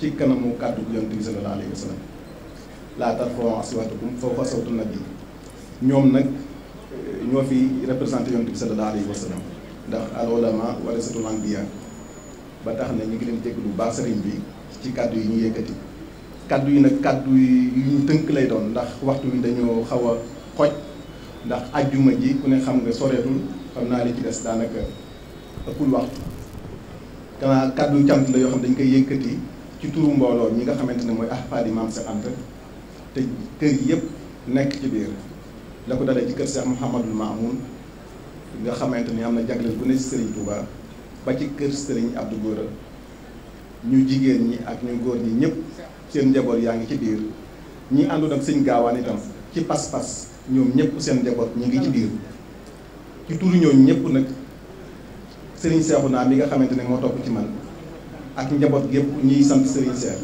ci kanamu kàddu gu yonent bi sallallahu alayhi wa sallam laa tarfa'u aswaatakum fawqa sawti nabi ñoom nag eh, ñoo fi représenté yonent bi sallallahu ndax al ulama warasatul anbiya ba tax na ñu ngi leen jégalu baax sëriñ bi ci kàddu yi ñu yëkkati kàddu yi nag kàddu yi ñu tënk lay doon ndax waxtu wi dañoo xaw a xoj ndax ajjuma ji ku ne xam nga soreetul xam naa li ci des daanaka ëppul waxtu kanaa kàddu cant la yoo xam dañ koy yëkkati ci turu mbooloo ñi nga xamante ne mooy ahfaadi maam Seex Anta te kër yëpp nekk ci biir la ko dalee ci kër Seex Mouhamadul Maamoun nga xamante ni am na jagleel gu ne ci Serigne Touba ba ci kër Serigne Abdou Gora ñu jigéen ñi ak ñu góor ñi ñëpp seen njaboot yaa ngi ci biir ñi àndu ak sëñ gaawaan itam ci pas-pas ñoom ñëpp seen njaboot ñu ngi ci biir ci turu ñooñu ñëpp nag Serigne Seexu naa mi nga xamante ne moo topp ci man. ak njaboot gépp ñuy sant Serigne Cheikh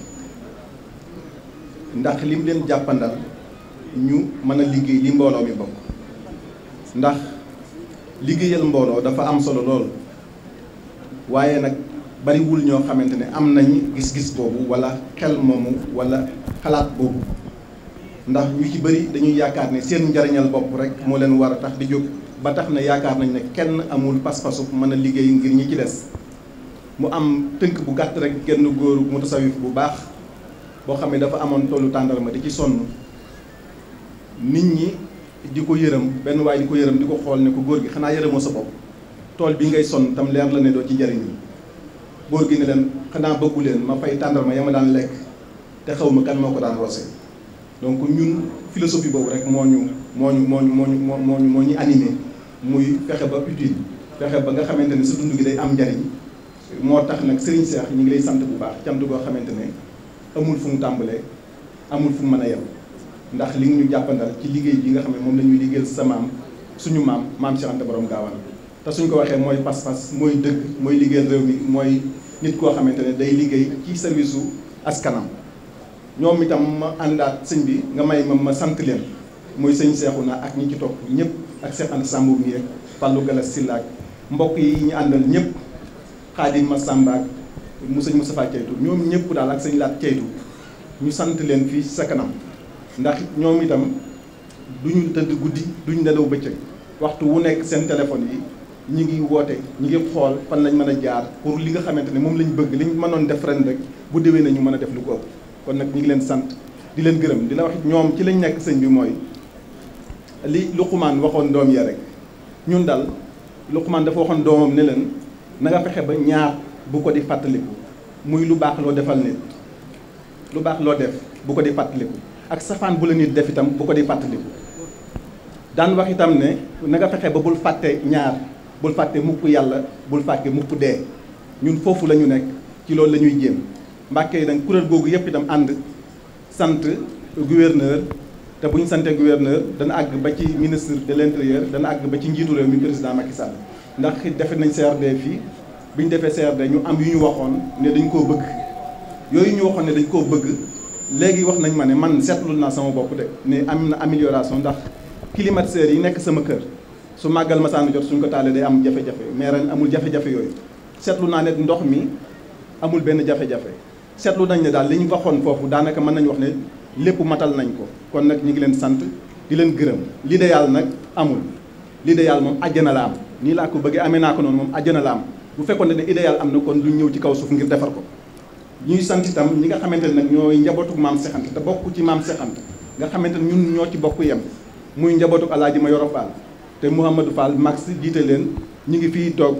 ndax lim leen jappandal ñu mëna liggéey li mbolo mi bokk ndax liggéeyal mbolo dafa am solo lol. waye nak bari wul ño xamantene am nañ gis-gis bobu, wala xel momu wala xalaat bobu. ndax ñu ci bari dañuy yaakaar ne seen njariñal bop rek mo leen war tax di jog ba tax na yaakaar nañ ne kenn amul pas passu mëna liggéey ngir ñi ci dess mu am tënk bu gàtt rek genn góor mu tasawif bu baax boo xam ne dafa amoon tollu tàndarma di ci sonn nit ñi di ko yërëm benn waay di ko yërëm di ko xool ne ko góor gi xanaa yërëmoo sa bopp tool bi ngay sonn tam leer la ne doo ci jariñu góor gi ne leen xanaa bëggu leen ma fay tàndarma ya ma daan lekk te xaw ma kan moo ko daan roose donc ñun philosophie boobu rek moo ñu moo ñu moo ñu moo ñu moo ñu moo ñu animé muy fexe ba utile fexe ba nga xamante ne sa dund gi day am njariñ moo tax nag Serigne Cheikh ñu ngi lay sant bu baax cant goo xamante ne amul fu mu tàmbalee amul fu mën a yem ndax li nga ñu jàppandal ci liggéey bi nga xam ne moom lañuy ñuy liggéeyal sa maam suñu maam maam Cheikh boroom Borom te suñ ko waxee mooy pas-pas mooy dëgg mooy liggéeyal réew mi mooy nit koo xamante ne day liggéey ci service su askanam ñoom itam ma àndaat sëñ bi nga may ma ma sant leen mooy sëñ na ak ñi ci topp ñëpp ak Cheikh Anta Samb mi ak Fallou Galass Sylla mbokk yi ñu ñëpp. xaadim ma Samba ak mu sëñ Moustapha Ceytu ñoom ñëpp daal ak sëñ Laat Ceytu ñu sant leen fii sa kanam ndax ñoom itam duñu tëdd guddi duñu nelaw bëccëg waxtu wu nekk seen téléphone yi ñu ngi woote ñu ngi xool fan lañ mën a jaar pour li nga xamante ne moom lañ bëgg liñ mënoon def ren rek bu déwee nañu mën a def lu ko kon nag ñu ngi leen sant di leen gërëm di la wax ñoom ci lañ nekk sëñ bi mooy li Luqmaan waxoon doom ya rek ñun daal Luqmaan dafa waxoon doomam leen na nga fexe ba ñaar bu ko di fàttaliku muy lu baax loo defal nit lu baax loo def bu ko di fàttaliku ak safaan bu la nit def itam bu ko di fàttaliku daan wax itam ne na nga fexe ba bul fàtte ñaar bul fàtte mukk yàlla bul fàtte mukk dee ñun foofu la ñu nekk ci loolu la ñuy jéem mbàkke yi nag kuréel googu yëpp itam ànd sant gouverneur te bu ñu santee gouverneur dana àgg ba ci ministre de l' intérieur dana àgg ba ci njiitu réew mi président Macky Sall ndax defe nañ CRD fii bi ñu defee CRD ñu am yu ñu waxoon ne dañ koo bëgg yooyu ñu waxoon ne dañ koo bëgg léegi wax nañ ma ne man seetlu naa sama bopp de ne am na amélioration ndax climatiseurs yi nekk sama kër su màggal ma saanu jot suñ ko taalee day am jafe-jafe mais ren amul jafe-jafe yooyu seetlu naa ne ndox mi amul benn jafe-jafe seetlu nañ ne daal li ñu waxoon foofu daanaka mën nañu wax ne lépp matal nañ ko kon nag ñu ngi leen sant di leen gërëm l'idéal nag amul l'idéal moom àjjana la am nii laa ko bëggee amee naa ko non mom àjjana la am bu fekkoon ne idéal am na kon lu ñëw ci kaw suuf ngir defar ko ñuy sant itam ñi nga xamante ne nag ñooy njabootu maam te bokk ci maam sexant nga xamante ñun ñoo ci bokk yem muy njabootu alaaji ma yoro fal te Mouhamadou Fall max jiite len ñu ngi fi toog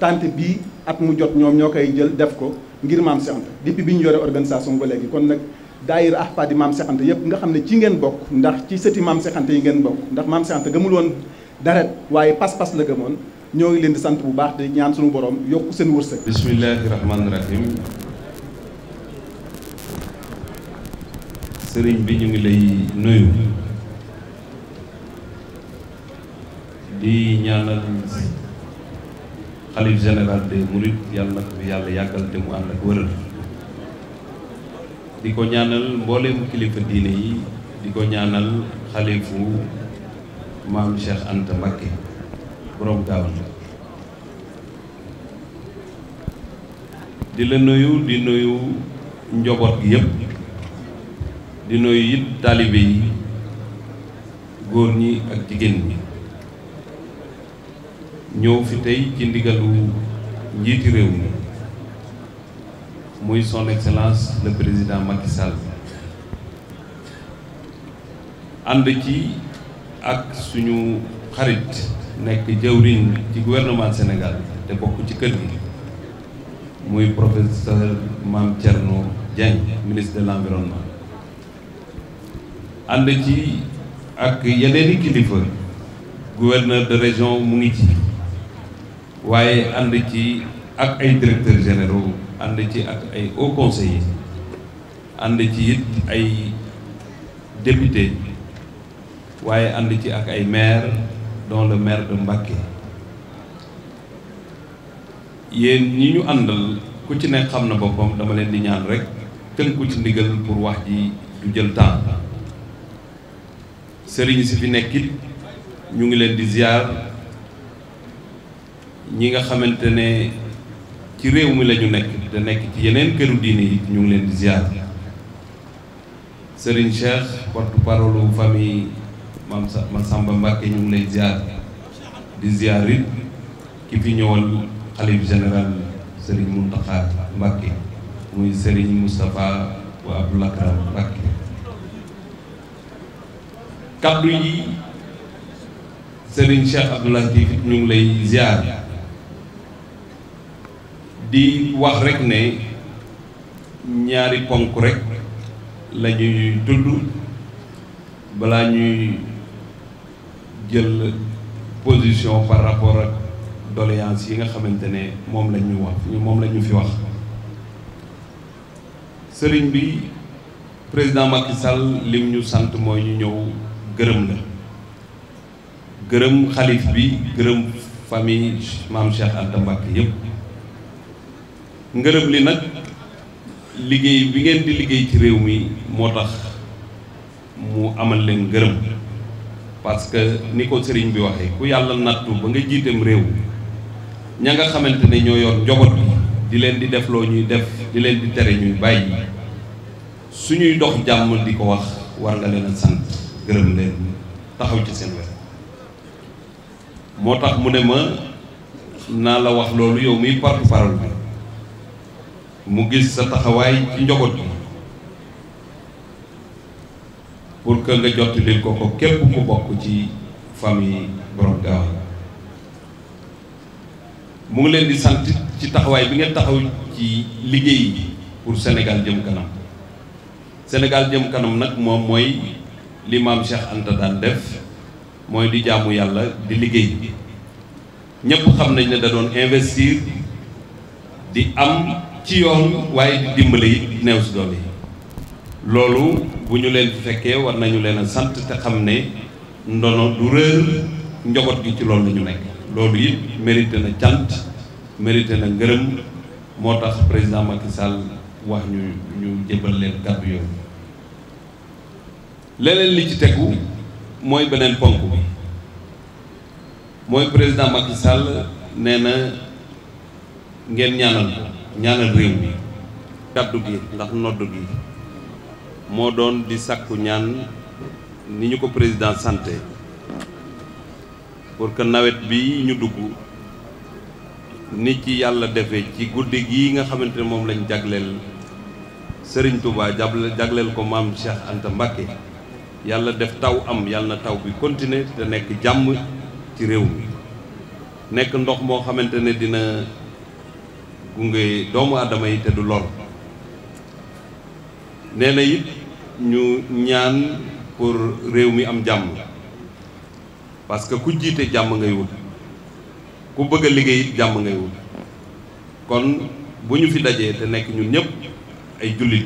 tante bi at mu jot ñoom ñoo koy jël def ko ngir maam sexant depuis bi ñu yore organisation ba léegi kon nag daayira ahpadi mam sexant yëpp nga xam ci ngeen bok ndax ci sëti mam sexant yi ngeen bok ndax mam sexant gëmul won dara waaye pas-pas la gëmoon ñoo ngi leen di sant bu baax te ñaan suñu boroom yokk seen wërsëg. bismillahi rahmaani rahim sëriñ bi ñu ngi lay nuyu di ñaanal xalif général des mourides yàlla na ko yàlla yàggal te mu ànd ak wëral di ko ñaanal mbooleemu kilifa diine yi di ko ñaanal xalifu maam Cheikh Anta Mbacké borom gaawan di la nuyu di nuyu njobot gi yëpp di nuyu yit talibé yi góor ñi ak jigéen ñi ñëw fi tay ci ndigalu njiti rew mi muy son excellence le président Macky Sall and ci ak suñu xarit nekk jëwriñ ci gouvernement Sénégal te bokk ci kër gi muy professeur Mame Thierno Dieng ministre de l'environnement ànd ci ak yeneeni kilifa gouverneur de région mu ngi ci waaye ànd ci ak ay directeurs généraux ànd ci ak ay hauts conseillers ànd ci it ay députés waye ànd ci ak ay maire dont le maire de Mbacké yeen ñi ñu andal ku ci nekk xamna na dama leen di ñaan rek tënku ci ndigal pour wax ji du jël temps serigne ci fi nekkit ñu ngi leen di ziar ñi nga xamantene ci réew mi lañu nekk da nekk ci yeneen këru diine yi ñu ngi leen di ziar serigne Cheikh porte-parole famille man Samba Mbacke ñu ngi lay ziar di ziar ki fi ñewal xalif general Serigne muntaha Mbacke muy Serigne mustafa wa abdullah karam Mbacke kaddu yi Serigne Cheikh abdullah ki fi ñu lay ziar di wax rek ne ñaari ponk rek lañuy ñuy bala ñuy jël position par rapport ak doléance yi nga xamante ne moom lañ ñu wax moom la ñu fi wax sëriñ bi président Macky Sall lim ñu sant mooy ñu ñëw gërëm la gërëm xalif bi gërëm famille maam Cheikh Anta Mbacké yépp ngërëm li nag liggéey bi ngeen di liggéey ci réew mi moo tax mu amal leen gërëm parce que ni ko sëriñ bi waxee ku yàlla nattu ba nga jiiteem réew ña nga xamante ne ñoo yor njaboot bi di leen di defloo ñuy def di leen di tere ñuy bàyyi suñuy dox jàmm di ko wax war nga leen a sant gërëm leen taxaw ci seen wet moo tax mu ne ma naa la wax loolu yow muy porte-parole bi mu gis sa taxawaay ci njaboot bi pour que nga jottalil ko ko kep mu bok ci famille borom Gawane mu ngi leen di sant ci taxaway bi ngeen taxaw ci liggéey bi pour Sénégal jëm kanam Sénégal jëm kanam nak mom moy l'imam Cheikh Anta dan def moy di jaamu yalla di liggéey ñepp xam nañ ne da doon investir di am ci yoon waye di dimbali it néew si yi bu ñu leen fekkee war nañu leen a sant te xam ne ndono du réer njaboot gi ci loolu ñu nekk loolu it mérité na cant mérité na ngërëm moo tax président Macky Sall wax ñu ñu jébal leen kàddu yooyu leneen li ci tegu mooy beneen ponk bi mooy président Macky Sall nee na ngeen ñaanal ko ñaanal réew mi kàddu gi ndax nodd gi modon doon di sakku ñaan ni ko président santé pour que nawet bi ñu dugg ni ci yalla défé ci goudi gi nga xamante mom lañu jaglél Serigne Touba jaglél ko mam Cheikh Anta Mbacké yalla def taw am yalla na taw bi continuer te nek jamm ci réew mi nek ndox mo xamante dina gungé doomu aadama yi du lor néna na ñu ñaan pour réew mi am jamm parce que ku jité jamm ngay wul ku bëgg liggéey jamm ngay wul kon buñu fi dajé te nek ñun ñëpp ay jullit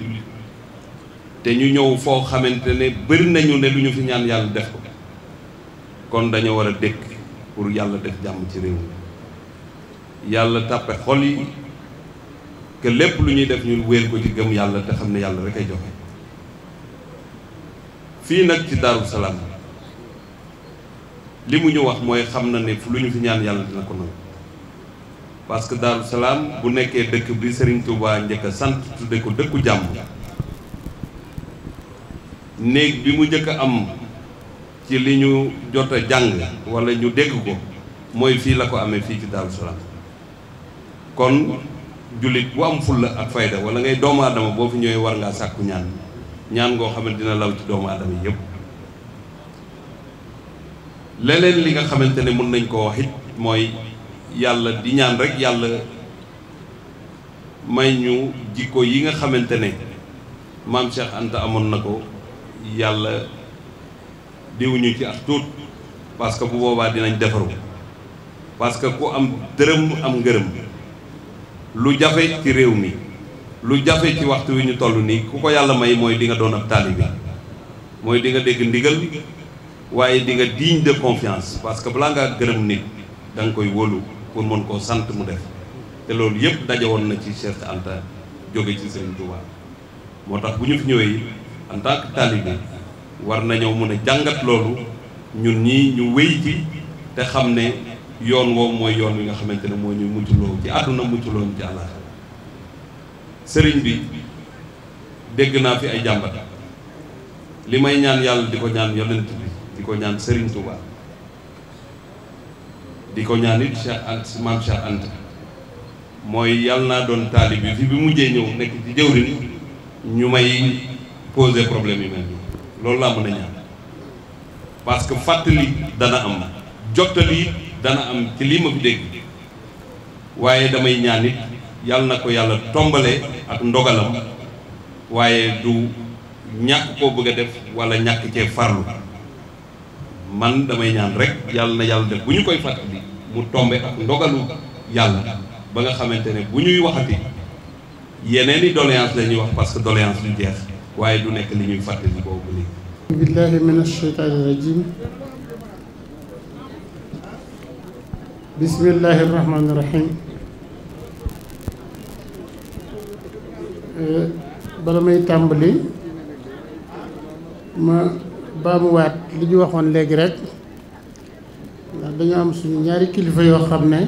te ñu ñëw fo xamantene ne nañu ne luñu fi ñaan yalla def ko kon dañu wara a dékk pour yalla def jamm ci réew mi yàlla tàppe xol yi ke lepp luñuy def ñun wër ko ci gëm yalla té xamné yalla rek ay joxé fi nak ci Daaru Salaam ñu wax moy xam na ne fu luñu fi ñaan yalla dina ko nangu parce que Daaru Salaam bu nekké dekk bi Serigne Touba ñëk sante sant ko dëkku jàmm néeg bi mu jëk am ci liñu jotta jang wala ñu dégg ko moy fi la ko amé fi ci Daaru kon julit bu am fulla ak fayda wala ngay doomu aadama bo fi ñëwé war nga sakku ñaan ñaan ngoo xam ne dina law ci doomu aadama yi yëpp leneen li nga xamante ne mën nañ koo wax mooy yàlla di ñaan rek yàlla may ñu jikko yi nga xamante ne maam Cheikh Anta amoon na ko yàlla diwuñu ci ak tuut parce que bu boobaa dinañ defaru parce que ku am dërëm am ngërëm lu jafe ci réew mi lu jafe ci waxtu wi ñu toll nii ku ko yàlla may mooy di nga doon ab taalibe mooy dinga nga dégg ndigal waaye di nga digne de confiance parce que balaa ngaa gërëm nit danga koy wóolu pour mën koo sant mu def te loolu yëpp daje woon na ci Cheikh Anta jóge ci seen Touba moo tax bu ñu fi ñëwee en tant que taalibe war nañoo mën a jàngat loolu ñun ñi ñu wéy ci te xam ne yoon woowu mooy yoon wi nga xamante ne moo ñuy mucculoo ci àdduna mucculoo ci àllaaxira Sering bi degg na fi ay jambat limay ñaan yalla di ñaan yonent bi di ñaan serigne Touba di ñaan nit Cheikh ant mam Cheikh ant moy yalla naa doon taalib bi fi bi mujjé ñew nek ci jëwriñ ñu may poser problème yi mel lool la mëna ñaan parce que fatali dana am jotali dana am ci lima fi dégg damay ñaan nit yàlla na ko yàlla tombale ak ndogalam waaye du ñàkk koo bëgg def wala ñàkk ceeb farlu man damay ñaan rek yàlla na yàlla def bu ñu koy fàttali mu tombe ak ndogalu yàlla ba nga xamante ne bu ñuy waxati yeneen i doléance la ñuy wax parce que doléance du jeex waaye du nekk li ñuy fàttali boobu léegi billahi min asheytaani rajim bismillahi rahmaani rahim Euh, bala may tàmbali ma baamuwaat li ñu waxoon léegi rek ndax dañoo am suñu ñaari kilifa yoo xam ne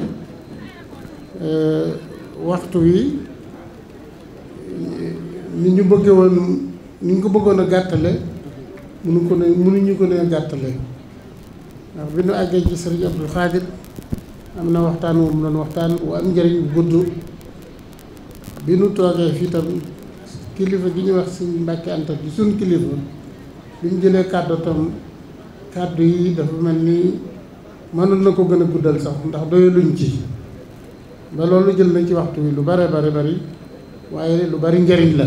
euh, waxtu wi ni ñu bëggee woon ni ñu ko bëggoon a gàttale mënu ko ne mënuñu ko ne gàttale ndax bi ñu àggee ci sëriñ Abdul Xaadir am na waxtaan wu mu doon waxtaan wu am njëriñ gudd bi nu toogee fii tam kilifa gi ñu wax si Mbàkke Anta di suñ kilifa bi mu jëlee kàddu tam kàddu yi dafa mel ni mënoon na ko gën a guddal sax ndax doyu luñ ci ba loolu jël nañ ci waxtu wi lu bare bare bari waaye lu bari njariñ la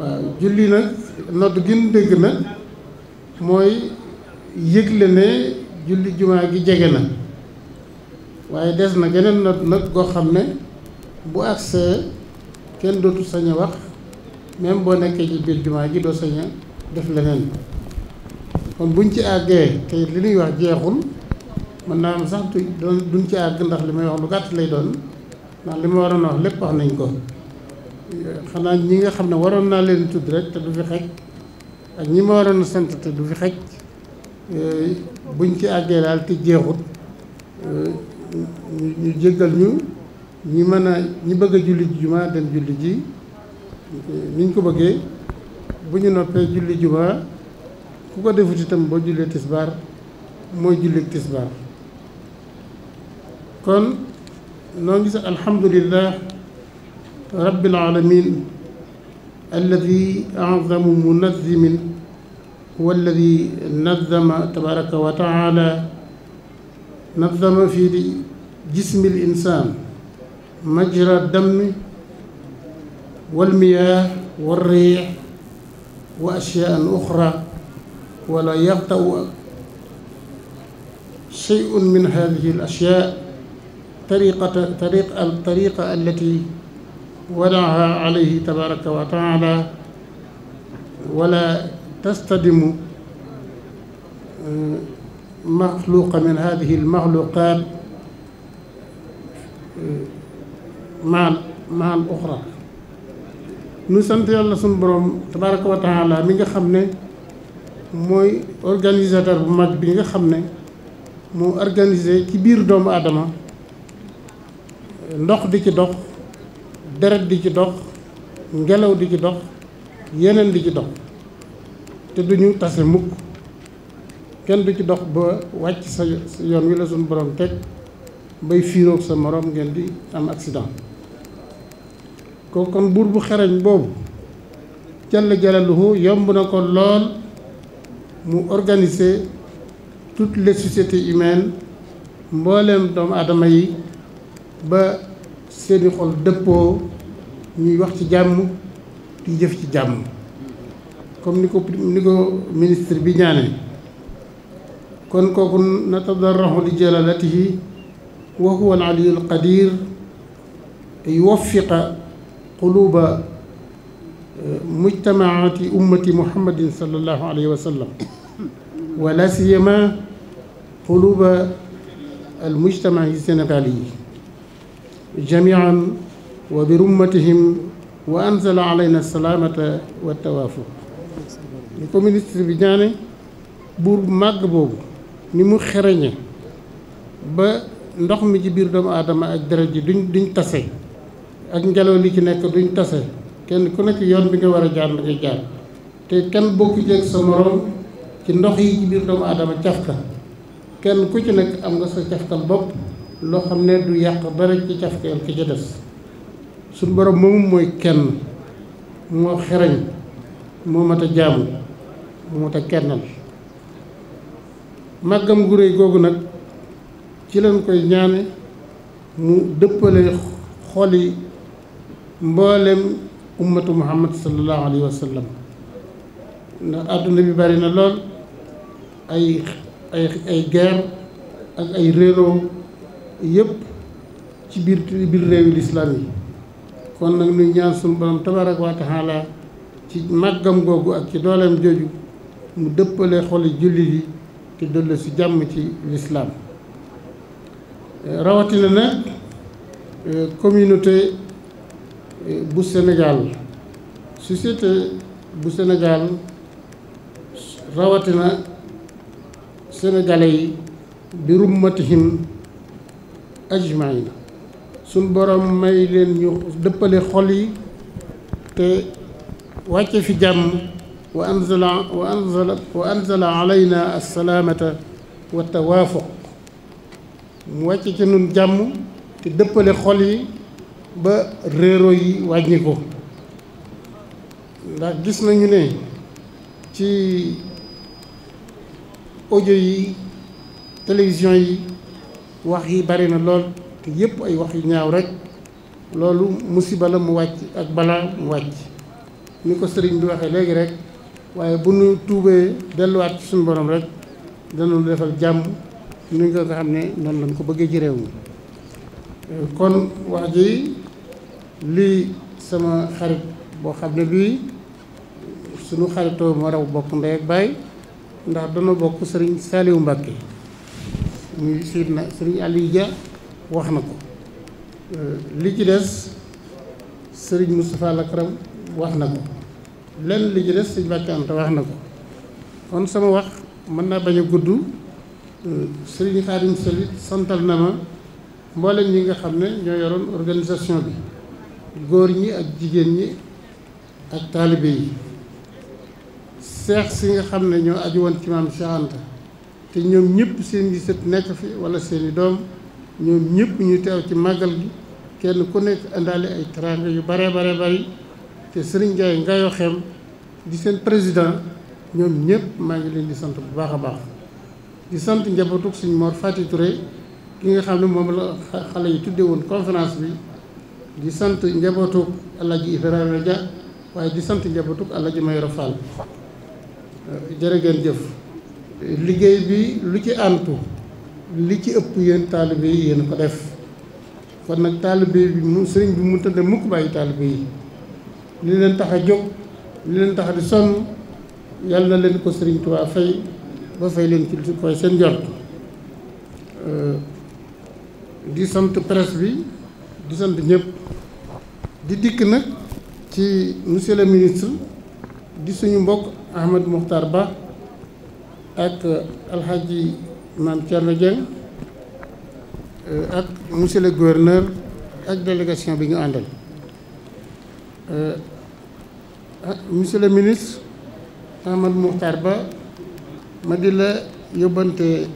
waaw julli nag nodd gi nu dégg na mooy yëgle ne julli jumaa gi jege na waaye des na geneen nodd nag goo xam ne bu agsee kenn dootu sañ wax même boo nekkee ci biir jumaa ji doo sañ def leneen kon buñ ci àggee te li nuy wax jeexul mën naa am sax duñ ci àgg ndax li may wax lu gàtt lay doon ndax li ma waroon wax lépp wax nañ ko xanaa ñi nga xam ne waroon naa leen tudd rek te du fi xej ak ñi ma waroon sant te du fi xej eh, buñ ci àggee daal te jeexut eh, ñu jéggal ñu ñi mën a ñi bëgg a julli ji juma dem julli ji ni ñu ko bëggee bu ñu noppee julli juma ku ko defut itam boo jullee tisbaar mooy julli tisbaar kon noo ngi sax alhamdulillah rabbil alamin alladi azamu munazimin huwa alladi nazama tabaraka wa taala nazama fi jismi l insan مجرى الدم والمياه والريح وأشياء أخرى ولا يبدأ شيء من هذه الأشياء طريقة طريق الطريقة التي وضعها عليه تبارك وتعالى ولا تستدم آه، مخلوق من هذه المخلوقات maan maan uxra nu sant yàlla suñu boroom tabaraka wa taala mi nga xam ne mooy organisateur bu mag bi nga xam ne moo organisé ci biir doomu aadama ndox di ci dox deret di ci dox ngelaw di ci dox yeneen di ci dox te duñu tase mukk kenn du ci dox ba wàcc sa yoon wi la sunu borom teg bay fiiroog sa moroom ngeen di am accident ko buur bu xereñ boobu jalla jalaluhu yomb na ko lool mu organiser toutes les sociétés humaines mbooleem doomu aadama yi ba seeni xol dëppoo ñuy wax ci jàmm di jëf ci jàmm comme ni ko ministre bi ñaanee kon kooku natadarrahu li jalalatihi wa huwa al aliyul qadir yuwaffiqa قلوب آه، مجتمعات أمة محمد صلى الله عليه وسلم ولا سيما قلوب المجتمع السنغالي جميعا وبرمتهم وأنزل علينا السلامة والتوافق communiste bi ñaane buur bu màgg boobu ni mu xereñe ba ndox mi ci biir doomu ak ngelaw li ci nekk duñ tase kenn ku nekk yoon bi nga war a jaar la ngay jaar te kenn bokku jeeg sa morom ci ndox yi ci biir doomu aadama cafka kenn ku ci nekk am nga sa cafkal bopp loo xam ne du yàq dara ci cafkal ki ci des suñu borom moomu mooy kenn moo xereñ moo mat a jaamu moo mat a kennal màggam gu réy googu nag ci leen koy ñaane mu dëppale xol mboolem ummatu muhammad sallallahu alayhi wa ndax àdduna bi bari na lool ay ay ay guerre ak ay réeroo yëpp ci biir biir réewi lislaam yi kon nag nuy ñaan suñu borom tabarak wa taala ci màggam googu ak ci doolem jooju mu dëppale xoli jullit yi te dolli jàmm ci lislaam rawatina nag euh, communauté bu Sénégal société bu Sénégal rawatina sénégalais bi rummatihim ajmain suñ borom may leen ñu dëppale xol yi te wàcce fi jàmm wa anzala wa anzala wa anzala alayna assalaamata wa tawaafuq mu wàcce ci nun jàmm te dëppale xol yi ba réero yi wàññi ko ndax gis nañu ne ci ojo yi télévision yi wax yi bari na lool te yépp ay wax yu ñaaw rek loolu musiba la mu wàcc ak balaa mu wàcc ni ko sëriñ bi waxee léegi rek waaye bu nu tuubee delluwaat ci suñu borom rek danañu defal jàmm ni nga ko xam ne noonu lañ ko bëggee ci réew mi kon wax ji lii sama xarit boo xam ne bii sunu xaritoo moo raw bokk ndey ak baay ndax dana bokk sëriñ Saliou Mbacké muy siit na sëriñ Aliou Dia wax na ko euh, li ci des sëriñ Moustapha Lakram wax na ko lenn li ci des sëriñ Mbacké Anta wax na ko kon sama wax mën naa bañ gudd euh, sëriñ Xaadim Sali santal na ma mboolem yi nga xam ne ñoo yoroon organisation bi góor ñi ak jigéen ñi ak taalibe yi seex si nga xam ne ñoo aju woon ci maam Cheikh te ñoom ñëpp seen i sët nekk fi wala seeni doom ñoom ñëpp ñu teew ci màggal gi kenn ku nekk indaale ay teraanga yu bare bare bari te sëriñ Ndiaye Ngayo Xem di seen président ñoom ñëpp maa ngi leen di sant bu baax a baax di sant njabootug suñ Mor Fati Touré ki nga xam ne moom la xale yi tudde woon conférence bi di sant njabootuk Alaaji Ibrahima Dia waaye di sant njabootuk Alaaji Mayoro Fall euh, jërë ngeen jëf liggéey bi lu ci antu li ci ëpp yéen taalibe yi yéen ko def kon nag taalibe bi mu sëriñ bi mu tëdd mukk bàyyi taalibe yi li leen tax a jóg li leen tax a di sonn yàlla na leen ko sëriñ Tuubaa fay ba fay leen ci li koy seen jort euh, di sant presse bi di sant ñëpp di dikk nag ci monsieur le ministre di suñu mbokk Ahmed Mokhtar Ba ak euh, alxaaji Maam Thierno euh, ak monsieur le gouverneur ak délégation bi ñu àndal euh, ah, monsieur le ministre Ahmed Mokhtar Ba ma di la yóbbante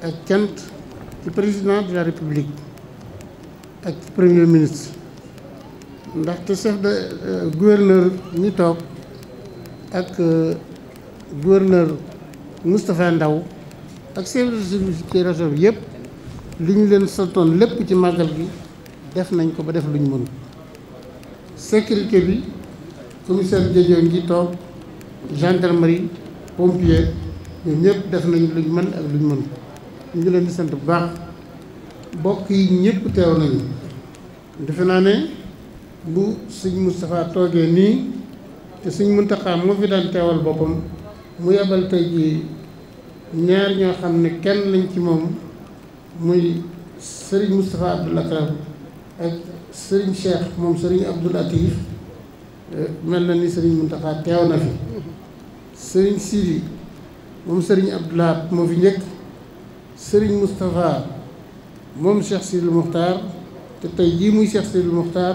ak cant ci président de la république ak ci premier ministre ndaxte chef de euh, gouverneur mi toog ak euh, gouverneur Moustapha Ndaw ak chef de service ci région bi yëpp li ñu leen santoon lépp ci màggal gi def nañ ko ba def lu ñu mën sécurité bi seen Diadio ngi toog gendarmerie pompier ñun ñëpp def nañ lu ñu ak lu ñu mën ñu leen di sant bu baax mbokk yi ñëpp teew nañu defe naa ne. bu sëñ mustapha toogee nii te sëñ Muntaxa moo fi daan teewal boppam mu yebal tey ji ñaar ñoo xam ne kenn lañ ci moom muy sëriñ mustapha Abdoul Akram ak sëriñ Cheikh moom sëriñ Abdoul Atif mel na ni sëriñ Muntaxa teew na fi sëriñ Sidi moom sëriñ Abdoulaat moo fi njëkk sëriñ mustapha moom Cheikh Sidil Muxtaar te tey jii muy Cheikh Sidil Muxtaar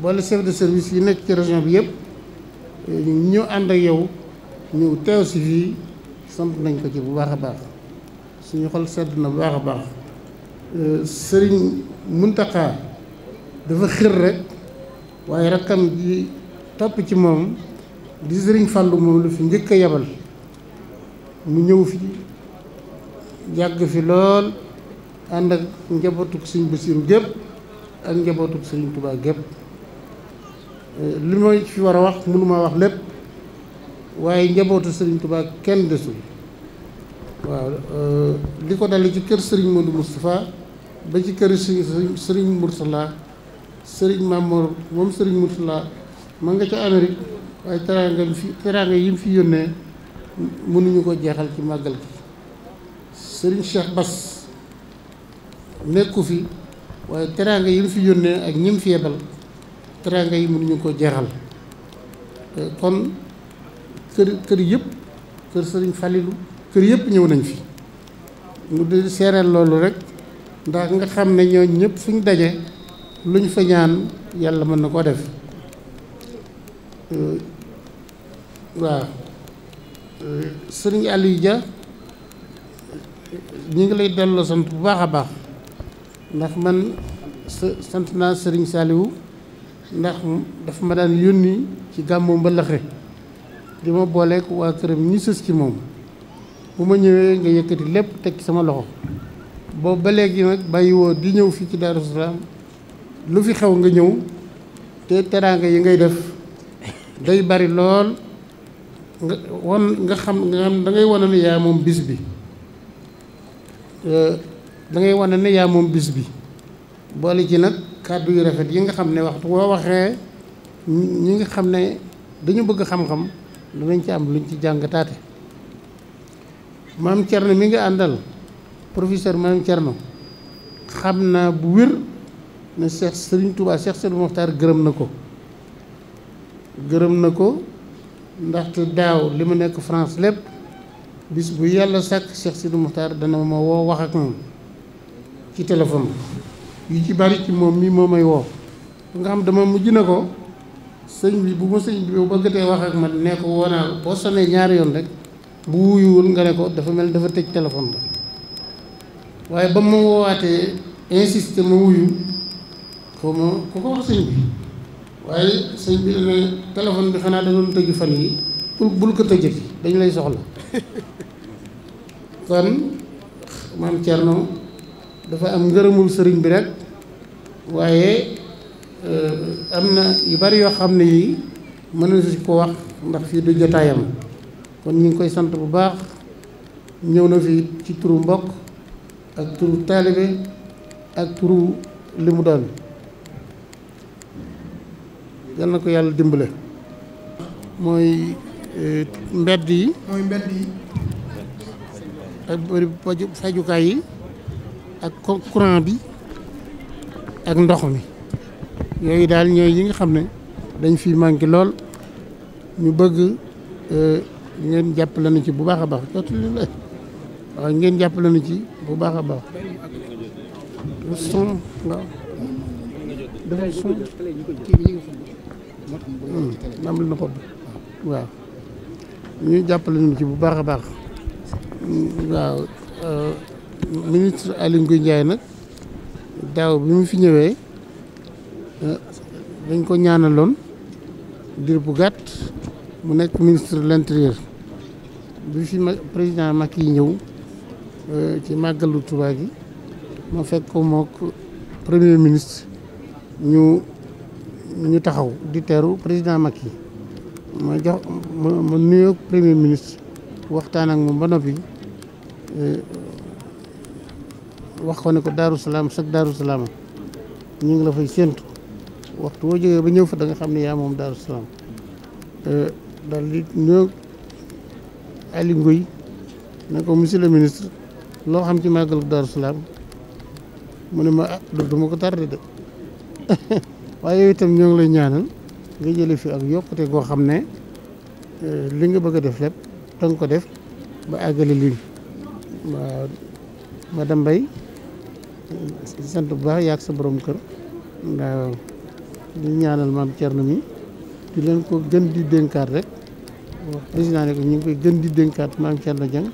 boole chef de service yi nekk ci région bi yëpp ñu ànd ak yow ñu teew si fii sant nañ ko ci bu baax a baax suñu xol sedd na bu baax a baax euh, sëriñ Muntaxa dafa xër rek waaye rakkam ji topp ci moom di sëriñ Fàllu moom lu fi njëkk a yebal mu ñëw fi jàgg fi lool ànd ak njabootuk sëriñ Basiru gépp ak njabootuk sëriñ Tuubaa gépp li may fi war a wax mënuma wax lépp waaye njabootu sëriñ Touba kenn desul waaw euh, li ko dale ci kër sëriñ Modou Moustapha ba ci kër sëriñ Serigne Mourtala Serigne Mamour moom sëriñ Mourtala ma nga ci Amérique waaye teraanga fi teraanga yi fi yónnee mënuñu ko jeexal ci màggal gi Serigne Cheikh Bass nekku fi waaye teraanga yi mu fi yónnee ak ñim fi yebal teranga yi mënuñu ko jeexal kon kër kër yëpp kër sëriñ Falilu kër yëpp ñëw nañ fi mu di seereel loolu rek ndax nga xam ne ñoo ñëpp fu ñu daje lu ñu fa yàlla mën na koo def waaw sëriñ Aliou Dia ñu ngi lay delloo sant bu baax a baax ndax man sant naa sëriñ Saliou ndax dafa ma daan yónni ci gàmmu mbalaxre di ma booleeg waa këram ñu ci moom bu ma ñëwee nga yëkkati lépp teg ci sama loxo boo ba léegi nag bàyyi di ñëw fii ci Daaru Salaam lu fi xew nga ñëw te teraanga yi ngay def day bari lool nga won nga xam nga xam wane ne yaa moom bis bi euh, dangay ngay wane ne yaa moom bis bi boole ci nag kaddu yu rafet yi nga xam ne waxtu woo waxee ñi nga xam ne dañu bëgg xam-xam danañ ci am luñ ci jàngataate maam cerno mi nga àndal professeur maam cerno xam bu wér ne Cheikh Serigne Touba Cheikh Serigne Mokhtar gërëm na ko gërëm na ko ndaxte daaw li ma nekk France lépp bis bu yàlla sàkk Cheikh Serigne Mokhtar dana ma woo wax ak moom ci téléphone yu ci bari ci moom mi moo may woo nga xam dama mujj na ko sëñ bi bu ma sëñ bi bëggatee wax ak man ne ko woo naa boo sonee ñaari yoon rek bu wuyuwul nga ne ko dafa mel dafa tëj téléphone ba waaye ba ma woowaatee insisté ma wuyu xaw ma ku ko wax bi waaye sëñ bi ne téléphone bi xanaa da doon tëju fan yi bul bul ko tëjati dañ lay soxla kon maam Thierno dafa am ngërëmul sëriñ bi rek waaye euh, am na yu bari yoo xam ne yi mën si ko wax ndax si du jotaayam kon ñu ngi koy sant bu baax ñëw na fi ci turu mbokk ak turu taalibe ak turu limu mu doon yal na ko yàlla dimbale mooy euh, mbedd yi mooy mbedd yi ak bëri fajukaay yi ak courant bi ak ndox mi yooyu daal ñooy yi nga xam ne dañ fi manqué lool ñu bëgg eh, ngeen jàppale na ci bu baax a baax jot jàppale na ci bu baax a baax dafa son hmm, am li na xob waaw ñu jàppale nañu ci bu baax a baax hmm, waaw euh, ministre Aly Ngouille Ndiaye nag daaw bi mu fi ñëwé eh, dañ ko ñaanaloon dir bu gàtt mu nekk ministre de l'intérieur bi fi président Macky ñëw eh, ci màggalu tuba gi ma fekk ko mook premier ministre ñu ñu taxaw di teeru président Macky ma jox ma nuyoo premier ministre waxtaan ak moom ba noppi eh, wax ko ne ko daaru salaam sag daaru salaam ñu ngi la fay séentu waxtu woo jógee ba ñëw fa da nga xam ne yaa moom daaru salaam euh, daal di ñëw Aly Ngouille ne ko monsieur le ministre loo xam ci màggalu daaru salaam mu ne ma ah du ma ko tardé de waaye yow itam ñoo ngi lay ñaanal nga jële fii ak yokkute goo xam ne euh, li nga bëgg a def lépp danga ko def ba àggale lii ma madame Mbaye sant bu baax yaag sa borom kër waaw di ñaanal maam Thierno mi di leen ko gën di dénkaat rek wax président ne ko ñu ngi koy gën di dénkaat maam Thierno Dieng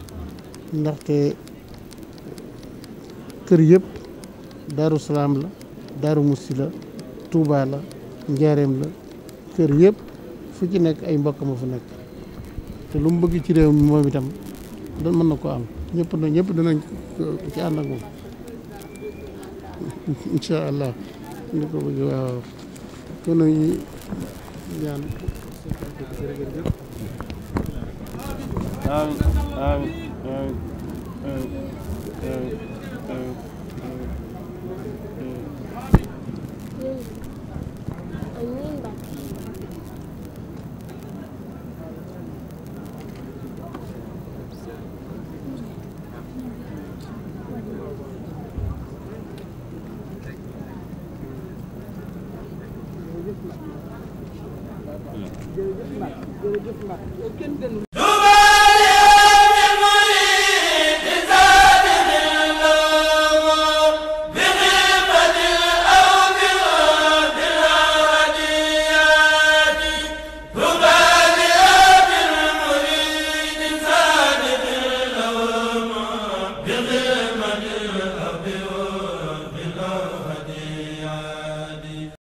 ndaxte kër yëpp Daaru Salaam la Daaru Musti la Touba la Njaareem la kër yëpp fu ci nekk ay mbokk ma fu nekk te lu mu bëgg ci réew mi moom itam doon mën na ko am ñëpp na ñëpp danañ ci ànd ak moom Insya allah ni ko bëgg waaw kon